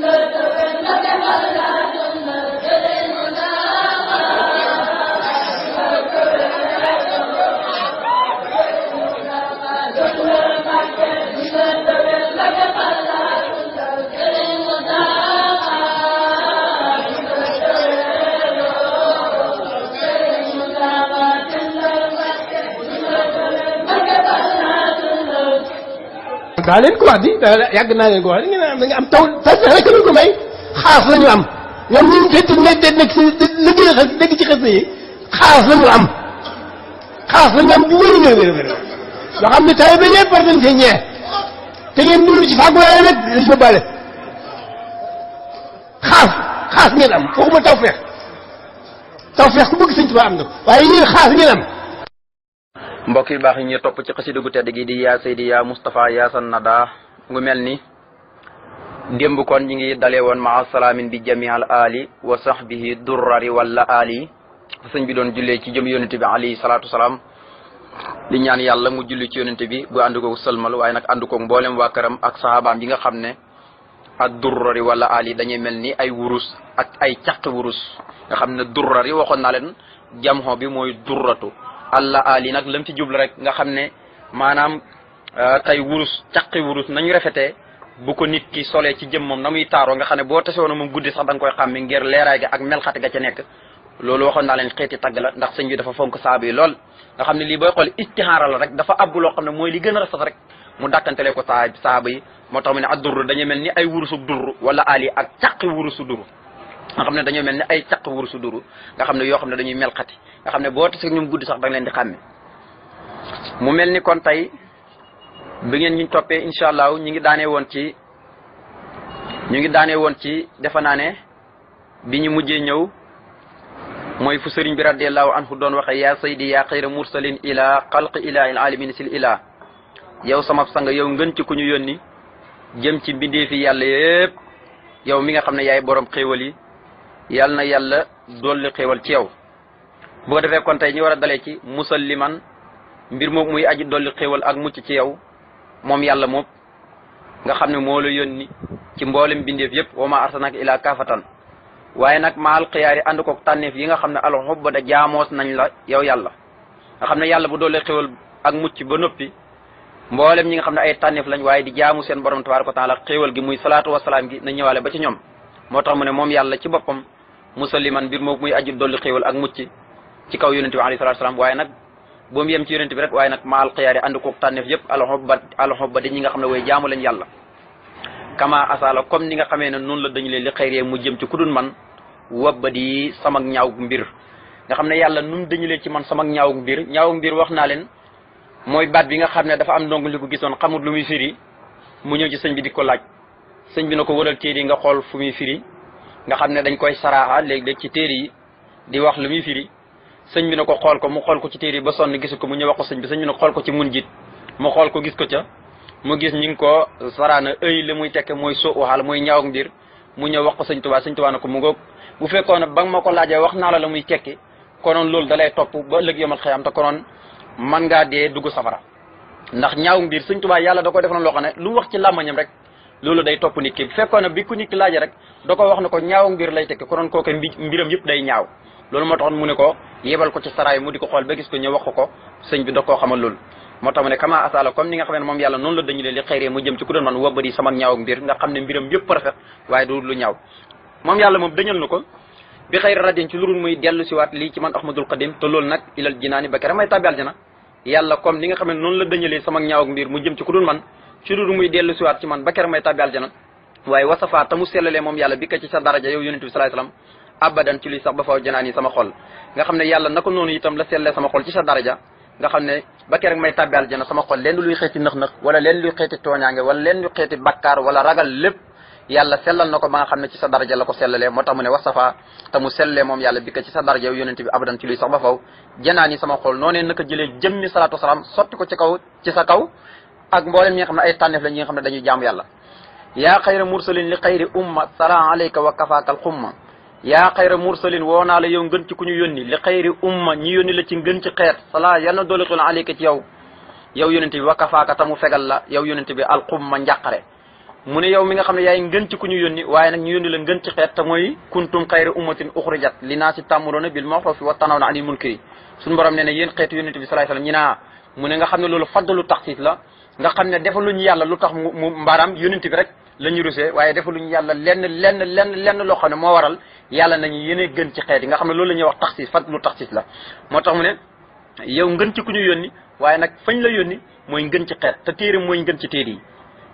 لك هلا daa leen ko wax di daa yàgg naa leen ko wax di da am taw taw rek ko may xaas la ñu am ñoom ñun fekk nekk nekk si liggéey xas nekk ci xas yi xaas la ñu am xaas la ñu am bu wér a wér a wér yoo xam ne tawee ba ñëpp war ko bale xaas xaas ngeen am waxuma taw feex taw feex ku am na mbokk yu baax yi ñu topp ci xasida gu tedd gi di yaa Seydi yaa Moustapha yaa Sannada ngu mel ni démb kon ñi ngi dalee woon maa salaamin bi jami al ali wa sahbihi durrari wala ali sëñ bi doon jullee ci jëm yonente bi alayhi salaatu salaam di yàlla mu julli ci yonente bi bu ànd koog sëlmal waaye nag ànd koog mboolem waa këram ak sahabaam yi nga xam ne ak durrari wala ali dañuy mel ni ay wurus ak ay caq wurus nga xam ne durrari waxoon naa leen jamxo bi mooy durratu allah ali nag lam ci jublu rek nga xam ne maanaam euh, tey wurus caqi wurus nañu rafetee bu ko nit ki solee ci jëm moom na muy taaroo nga xam ne boo tasewoon moom guddi sax da koy xàmmi ngir leeraay ak melxati ga ca nekk loolu waxoon naa leen xeeti tagg la ndax sëñ bi dafa fonk saaba lool nga xam ne lii booy xool istihaara la rek dafa abbu loo xam ne mooy li gën a rafet rek mu dàkkantele ko saa saaba yi moo tax mu ne a durr dañu mel ni ay wurusu durr wala ali ak caqi wurusu durr nga xam ne dañoo mel ni ay caqi wurusu duru nga xam ne yoo xam ne dañuy melxati nga xam ne boo tasee ñoom guddi sax da leen di xàmme mu mel ni kon tey bi ngeen ñu toppee incha allah ñu ngi daanee woon ci ñu ngi daanee woon ci defe naa ne bi ñu mujjee ñëw mooy fu sëriñ bi radiallahu anhu doon waxe yaa saydi yaa xayra mursalin ilaa xalq ilaa il alamin si ilaa yow sama sang yow ngën ci ku ñu yónni jëm ci mbindeefi yàlla yépp yow mi nga xam ne yaay boroom xéewal yi yàlla na yàlla dolli xéewal ci yow bu defee kon tey ñu war a dalee ci musalliman mbir moom muy aji dolli xéewal ak mucc ci yow moom yàlla moom nga xam ne moo la yónni ci mboolem bindeef yëpp wa ma arsalnaaka ilaa kaafatan waaye nag maal xiyaari ànd koog tànneef yi nga xam ne alxubba da jaamoos nañ la yow yàlla nga xam ne yàlla bu doole xéwal ak mucc ba noppi mboolem ñi nga xam ne ay tànneef lañ waaye di jaamu seen borom tabaaraka wa taala xéwal gi muy salaatu wasalaam gi na ñëwaale ba ci ñoom moo tax mu ne moom yàlla ci boppam musalliman mbir moom muy aju dolli xéwal ak mucc ci kaw yonente bi alayhi salaatu salaam waaye nag boomu yem ci yonente bi rek waaye nag maal xiyaari ànd koog tànneef yëpp alxobba alxobba di ñi nga xam ne way jaamu lañ yàlla kama asala comme ni nga xamee ne noonu la dañu leen li xëyree mu jëm ci kudun man wobba di sama ñaaw mbir nga xam ne yàlla nun dañu leen ci man sama ñaaw mbir ñaaw mbir wax naa leen mooy baat bi nga xam ne dafa am ndongo li ko gisoon xamut lu muy firi mu ñëw ci sëñ bi di ko laaj sëñ bi na ko wëral téere yi nga xool fu muy nga xam ne dañ koy saraaxa léeg-léeg ci téere yi di wax lu muy sëñ bi ne ko xool ko mu xool ko ci téere ba sonn gisu ko mu ñëw wax ko sëñ bi sëñ bi ne ko xool ko ci mun jiit mu xool ko gis ko ca mu gis ñu ngi ko saraana ëy li muy tekke mooy soo waxal mooy ñaaw mbir mu ñëw wax ko sëñ tubaa sëñ tubaa ne ko mu ngoog bu fekkoon ne ba nga ko laajee wax naa la la muy tekki konoon loolu dalay topp ba ëllëg yomal xëyam te konoon man ngaa dee dugg safara ndax ñaawag mbir sëñ tubaa yàlla da ko defoon loo xam ne lu wax ci làmmañam rek loolu day topp nit ki bu fekkoon ne bi ku nit ki rek da ko wax ne ko ñaaw mbir lay tekki konoon kooke mbiram yëpp day ñaaw loolu moo taxoon mu ne ko yebal ko ci saraay mu di ko xool ba gis ko ñëw wax ko sëñ bi da koo xamal loolu moo tax mu ne kama asala comme ni nga xam ne moom yàlla noonu la dañu leen li xëyree mu jëm ci ku doon man wobbadi sama ñaaw lu ñaaw muy dellu siwaat lii ci man ahmadul qadim te loolu nag ilal jinaani ba kere may tàbbi aljana yàlla comme ni ne noonu la dañalee sama ñaaw ak mbir mu jëm ci ku doon man ci lurul muy sellalee moom yàlla bi ka ci sa daraja yow yonente bi sallallahu alayhi wasallam abadan ci luy sax ba faw janaan yi sama xol nga xam ne yàlla naka noonu itam la sellee sama xol ci sa daraja nga xam ne ba keroog may tàbbi aljana sama xol lenn luy xeeti nëx-nëx wala lenn luy xeeti tooñaange wala lenn luy xeeti bakkaar wala ragal na ko sa daraja la ko sellalee moo tax mu ne wasafa te mu sellee moom yàlla bi ko ci sa daraja yow yonente bi abadan ci luy sax ba faw janaan yi sama xol noonee naka jëlee jëmmi salaatu salaam sotti ko ci kaw ci sa kaw ak mboolem ñi nga xam ne ay tànneef la ñi nga xam ne dañuy jaamu yàlla yaa xayra mursalin li xayri umma sala alayka wa kafaakal xumma yaa xayra mursalin woo naa la yow ngën ci ku ñu yónni li xayri umma ñu yónni la ci ngën ci xeet salaa yal na doole xul aleyka ci yow yow yonent bi wakkafaaka tamu fegal la yow yonent bi alxumma njàqare mu ne yow mi nga xam ne yaay ngën ci ku ñu yónni waaye nag ñu yónni la ngën ci xeet te mooy kuntum li naa si tàmmuroona bil maxrofi wa tanawna borom nee na yéen xeetu yonent bi salaay salaam ñi ne nga xam ne loolu faddalu taxsiis la nga xam ne defaluñu yàlla lu tax mu mbaaraam yonent bi rek la ñu rusee waaye ñu yàlla lenn lenn lenn lenn loo xam ne moo waral yàlla nañu yéene gën ci xeet yi nga xam ne loolu la ñuy wax taxsis fan lu tax taxsis la moo tax mu ne yow ngën ci ku ñu yónni waaye nag fañ la yónni mooy ngën ci xeet te téere mooy ngën ci téere yi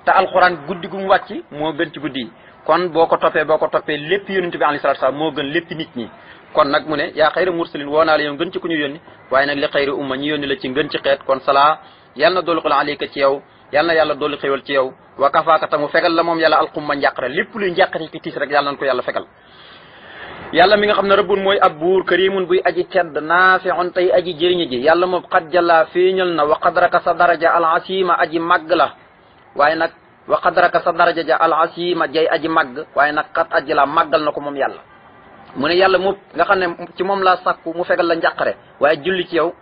te alxuraan guddi gu mu wàcc moo gën ci guddi kon boo ko toppee boo ko toppee lépp yónent bi alayhi salaatu salaam moo gën lépp nit ñi kon nag mu ne yaa xayra mursalin woo naa la yow ngën ci ku ñu yónni waaye nag li xayra umma ñu yónni la ci ngën ci xeet kon salaa yàlla na doolu ko la aleyka ci yow yal yàlla dolli xéwal ci yow wa kafaakata mu fegal la moom yàlla alxumma njàqare lépp luy njàqare ci tiis rek yàlla nañ ko yàlla fegal yàlla mi nga xam ne rabbun mooy ab buur karimun buy aji tedd naafiun tey aji jëriñi ji yàlla moom xat jalla féeñal na wa qadraka sa daraja alasima aji màgg la waaye nag wa qadraka sa daraja ja alasima jay aji màgg waaye nag xat aji la màggal na ko moom yàlla mu ne yàlla mu nga xam ne ci moom laa sàkku mu fegal la njàqare waaye julli ci yow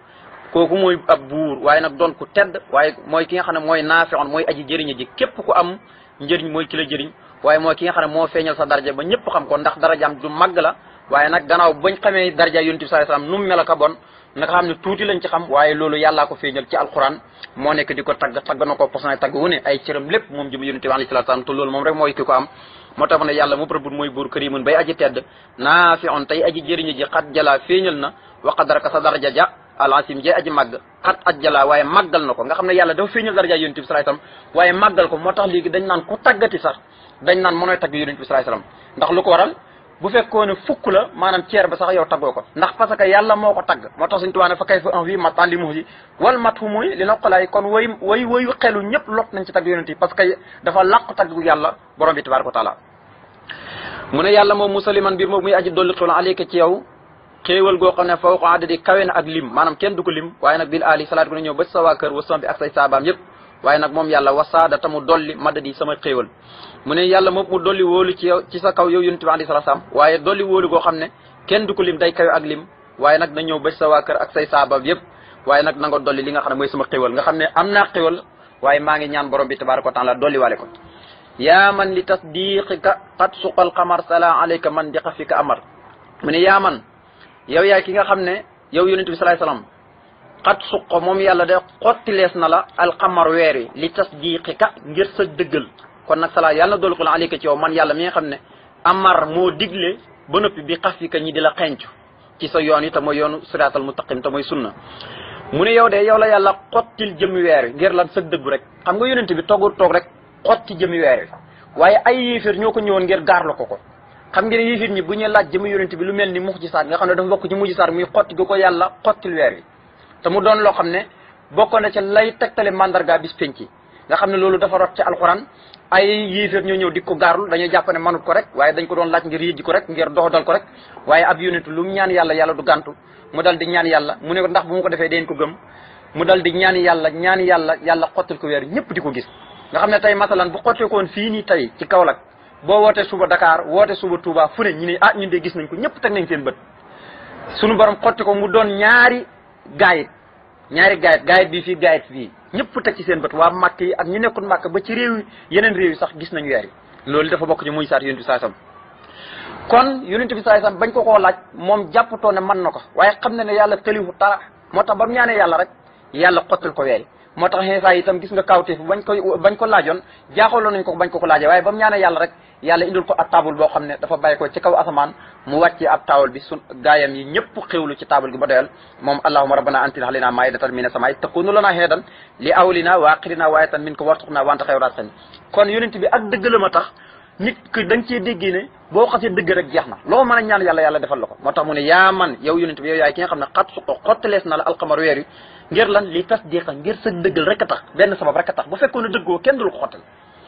kooku mooy ab buur waaye nag doon ku tedd waaye mooy ki nga xam ne mooy naafeexoon mooy aji jëriña ji képp ku am njëriñ mooy ki la waaye mooy ki nga xam ne moo feeñal sa daraja ba ñëpp xam ko ndax darajaam du la waaye nag gannaaw bañ xamee daraja yonent bi sallallahu alayhi wasallam nu mu mel ak a bon naka xam ne tuuti lañ ci xam waaye loolu yàllaa ko feeñal ci alquran moo nekk di ko tagg tagg na ko posone tagg wu ne ay cëram lépp moom mooy ki ko moo tax ne yàlla mu rabut mooy buur karimun bay aji tedd naafi'un tey aji jëriña ji xat jala feeñal na waqadaraka sa daraja ja alasim jay aji màgg xat aj jalaa waaye màggal na ko nga xam ne yàlla dafa feeñal daraja yonent bi sallallahu alayhi wasallam waaye màggal ko moo tax léegi dañ naan ku tàggati sax dañ naan mënooy tagg yonent bi sallallahu alayhi wasallam ndax lu ko waral bu fekkoo ne fukk la maanaam ceer ba sax yow taggoo ko ndax parce que yàlla moo ko tagg moo tax suñu tubaab ne fa kay fa en vie matan li muxsi wal mat fu muy li noqalaay kon way way wayu xelu ñëpp lot nañ ci tagg yonent yi parce que dafa làq taggu yàlla borom bi tabaaraka wa taala mu ne yàlla moom musaliman biir moom muy aji dolli xewal aleyka ci yow xéewal goo xam ne fawqa adadi kawe na ak lim maanaam kenn du ko lim waaye nag bil aali wa sama moom yàlla wasaada ta mu dolli madadi sama xéewal mu ne yàlla moom mu dolli wóolu ci ci sa kaw yow yonent bi alayhi salaam waaye dolli wóolu goo xam ne kenn du ko lim day kawe ak lim waaye nag na ñëw ba sa waa kër ak say saabaam yëpp waaye nag na nga dolli li nga xam ne mooy sama xéewal nga xam ne am naa xéewal waaye maa ngi ñaan borom bi tabaaraka wa taala dolli waale ko yaa man li tasdiqika qad suqal qamar sala alayka man diqa fika amar mu ne yaa yow yaay ki nga xam ne yow yonent bi salaay salaam xat suqo moom yàlla de xotti lees na la alxamar weer wi li tasdiqika ngir sa dëggal kon nag sa salaa yàlla na doolu ko la alika ci yow man yàlla mi nga xam ne amar moo digle ba noppi bi xaf yi ka ñi di la xencu ci sa yoon yi te yoon yoonu siraatal mustaqim te mooy sunna mu ne yow de yow la yàlla xottil jëmi weer ngir lan sa dëggu rek xam nga yonent bi toggu toog rek xotti jëmi weer waaye ay yéeféer ñoo ko ñëwoon ngir gaarlu ko ko xam ngeen ne yéefit ñi bu ñuy laaj jëmu yonent bi lu mel ni muxjisaat nga xam ne dafa bokk ci muxjisaat muy xotti gu ko yàlla xottil weer wi te mu doon loo xam ne bokkoon na ci lay tegtale mandarga bis penc nga xam ne loolu dafa rot ci alxuraan ay yéeféer ñoo ñëw di ko gaarul dañoo jàpp ne manut ko rek dañ ko doon laaj ngir yëjji ko rek ngir dox dal ko rek waaye ab yonent lu mu ñaan yàlla yàlla du gàntu mu dal di ñaan yàlla mu ne ndax bu mu ko defee deen ko gëm mu dal di ñaan yàlla ñaan yàlla yàlla xotti ko weer ñëpp di ko gis nga xam ne tey masalan bu xotteekoon fii nii tey ci Kaolack boo wootee suba dakaar woote suba tuuba fu ne ñu ne ah ñun de gis nañ ko ñëpp teg nañ seen bët sunu baram xotti ko mu doon ñaari gaayit ñaari gaayit gaayit bii fii gaayit bii ñëpp teg ci seen bët waa màkk yi ak ñu nekkul màkk ba ci réew yi yeneen réew yi sax gis nañ weer loolu dafa bokk ci muy saat yonent bi saasam kon yonent bi saasam bañ ko koo laaj moom jàpputoo ne mën na ko waaye xam na ne yàlla tëliwu tara moo tax ba mu ñaanee yàlla rek yàlla xottil ko weer moo tax xeesaa itam gis nga kawteef bañ koy bañ ko laajoon jaaxaloon nañ ko bañ ko ko laajee waaye ba mu ñaanee yàlla rek yàlla indul ko ab taabul boo xam ne dafa bàyyi ko ci kaw asamaan mu wàccee ab taabul bi sun gaayam yi ñëpp xewlu ci taabul gi ba doyal moom allahuma rabbana antil halina maidatan a samay takunu lana xeedan li awlina wa aqirina waayatan min ko wartuxna wanta xew raat xen kon yonent bi ak dëgg tax nit ki da nga cee déggee ne boo xasee dëgg rek jeex na loo mën a ñaan yàlla yàlla defal la ko moo tax mu ne yaa man yow yonent bi yow yaay ki nga xam ne xat su ko xottalees na la alxamar weer yi ngir lan li tas diqa ngir sa dëggal rek a tax benn sabab rek a tax bu fekkoon ne dëggoo kenn du la ko xottal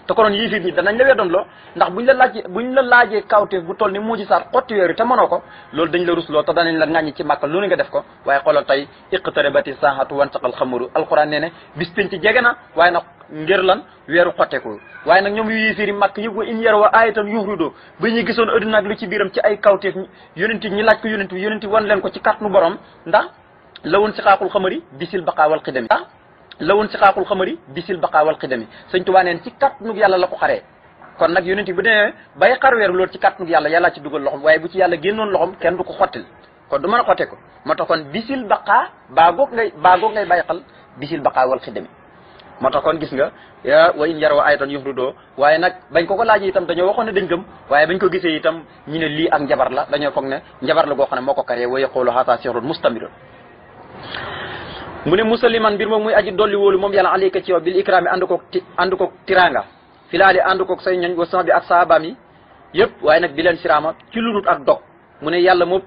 te konoon yéefir ñi danañ la weddoon loo ndax buñ la laajee buñ la laajee kawteef bu toll ni muuji saar xotti weer yi te mënoo loolu dañ la rusloo te danañ la ŋàññi ci màkk lu ne nga def ko waaye xoolal tey iqtarabati saahatu wansaqal xamaru alquran bis pénc jege na waaye nag ngir lan weeru xotteeku waaye nag ñoom yu yéefir yi màkk yëg wa in yar wa aayatan yuhridu ba ñu gisoon adduna ak lu ci biiram ci ay kawteef yonent ñi laaj ko yonent yonent wan leen ko ci kàttanu borom ndax lawoon si xaaqul xamari bisil baqaawal xidami la woon si xaaqul xamari bisil baqaa wal xidami sëñ tubaa neen ci kàttanug yàlla la ko xaree kon nag yonent bi bu demee bay xar weeru loolu ci kàttanug yàlla yàllaa ci dugal loxom waaye bu ci yàlla génnoon loxom kenn du ko xottil kon du mën a xotte ko moo tax kon bisil baqaa baagoog ngay baagoog ngay bàyyi xel bisil baqaa wal xidami moo tax kon gis nga wa in yaraw ayatan doo waaye nag bañ ko ko laajee itam dañoo waxoon ne dañ gëm waaye bañ ko gisee itam ñu ne lii ak njabar la dañoo foog ne njabar la goo xam ne moo ko karee wa yaquulu haazaa sihrun mustamirun mu ne musaliman mbir moom muy aji dolli wóolu moom yàlla aleyka ci yow bil ikraami ànd koog ti ànd koog tiranga filaali ànd koog say ñoñ wa sama bi ak saabaam yëpp waaye nag bi leen siraama ci lu ak dog mu ne yàlla moom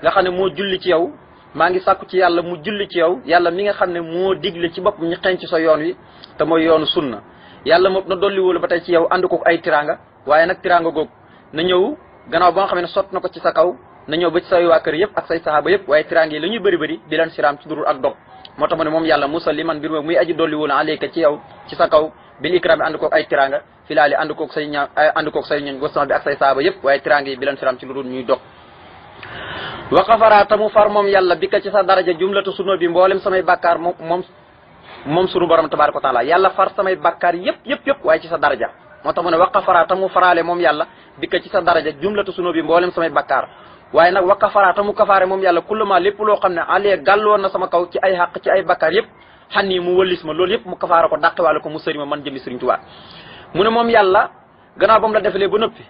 nga xam ne moo julli ci yow maa ngi sàkku ci yàlla mu julli ci yow yàlla mi nga xam ne moo digle ci boppam ñu xenc sa yoon wi te mooy yoonu sunna yàlla moom na dolli ba tey ci yow ànd koog ay tiranga waaye nag tiranga goog na ñëw gannaaw ba nga xam ne sott na ko ci sa kaw na ñëw ba ci say waa kër yëpp ak say sahaaba yëpp waaye tiranga yi la ñuy bëri bëri bi leen siraam ci durul ak dog moo tax mu ne moom yàlla musalliman mbir moom muy aji dolli woon alayka ci yow ci sa kaw bil ikraam ànd koog ay tiranga filaali ànd koog say ña ànd koog say bi ak say saaba yëpp waaye tiranga yi bilan siram ci lu dul ñuy dog wa xafaraata mu far moom yàlla bi ka ci sa daraja jumlatu sunu bi mboolem samay bàkkaar moom moom moom sunu borom tabaaraka wa taala yàlla far samay bàkkaar yëpp yëpp yëpp waaye ci sa daraja moo tax mu ne wa xafaraata mu faraale moom yàlla bi ka ci sa bi mboolem samay bàkkaar waaye nag waa kafaaraata mu kafaare moom yàlla kulluma lépp loo xam ne alee gàlloon na sama kaw ci ay xaq ci ay bakkaar yëpp xan nii mu wëllis ma loolu yëpp mu kafaara ko dàqewaale ko mu sëri ma man jëmi sëriñ Tuubaa mu ne moom yàlla gannaaw ba mu la defalee ba noppi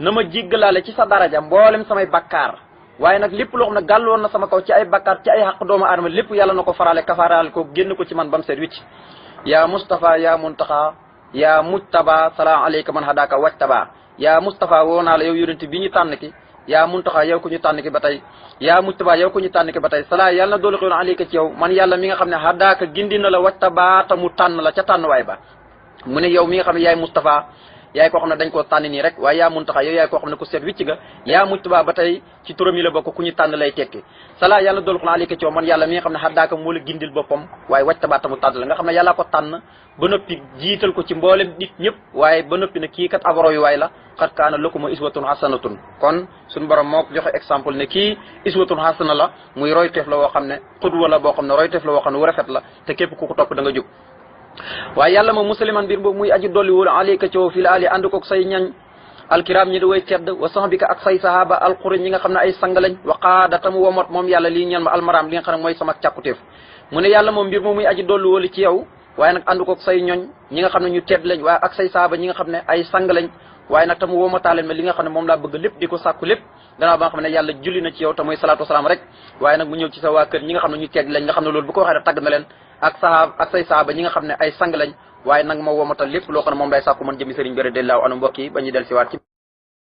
na ma jéggalaale ci sa daraja mboolem samay bakkaar waaye nag lépp loo xam ne gàlloon na sama kaw ci ay bakkaar ci ay xaq doomu aadama lépp yàlla na ko faraale kafaaraal ko génn ko ci man ba mu seet wicc yaa Moustapha yaa Muntaxa yaa Mujtaba salaam aleyka man hadaka wajtaba yaa Moustapha woo naa la yow yonente bi ñu tànn ki yaa muntaxaa yow ku ñu tànn ki ba tey yaa mujtaba yow ku ñu tànn ki ba tey salaa yàlla na doolu xiwoon aleyka ci yow man yàlla mi nga xam ne hadaaka gindi na la wajta baata mu tànn la ca tànn waay ba mu ne yow mi nga xam ne yaay Moustapha yaay koo xam ne dañ koo tànn nii rek waaye yaa muntaxa yow yaay koo xam ne ku seet wicc nga yaa mujtaba ba tey ci turam yi la ku ñu tànn lay tekki sala yàlla dool xon alika ciow man yàlla mi nga xam ne xaddaaka moo la gindil boppam waaye wàcc tabaat tamu tànn la nga xam ne yàllaa ko tànn ba noppi jiital ko ci mboolem nit ñëpp waaye ba noppi na kii kat aboro yu waay la xat kaana lakuma iswatun hasanatun kon suñu borom moo joxe exemple n kii iswatun hasana la muy royteef la woo xam ne xudwa la boo xam ne royteef la woo xam ne wu rafet la te képp ku ko topp da nga waaye yàlla moom musliman mbir boobu muy aju dolli wul aleyka ciow fil ali ànd koog say ñañ alkiram ñi di nga xam ne ay sang lañ wa qaadatam womat moom yàlla lii ñen ne mooy sama càkkutéef mu ne yàlla moom mbir moom muy aju dolli wul ci yow waaye nag ànd koog say ñoñ ñi nga xam ne ñu tedd lañ waaye ak say sahaba ñi nga xam ne ay sang lañ waaye nag tam womataaleen ma li nga xam ne moom laa bëgg lépp di ko sàkku lépp gannaaw ba nga xam ne yàlla julli na ci yow te mooy salaatu wasalaam rek waaye nag mu ñëw ci sa waa kër ñi nga xam ne ñu tedd lañ nga xam ne loolu bu ko waxee tagg na leen ak sahaab ak say sahaaba ñi nga xam ne ay sang lañ waaye nag ma womatal lépp loo xam ne moom lay sàkku mën jëmi sëriñ bi ba ñu del siwaat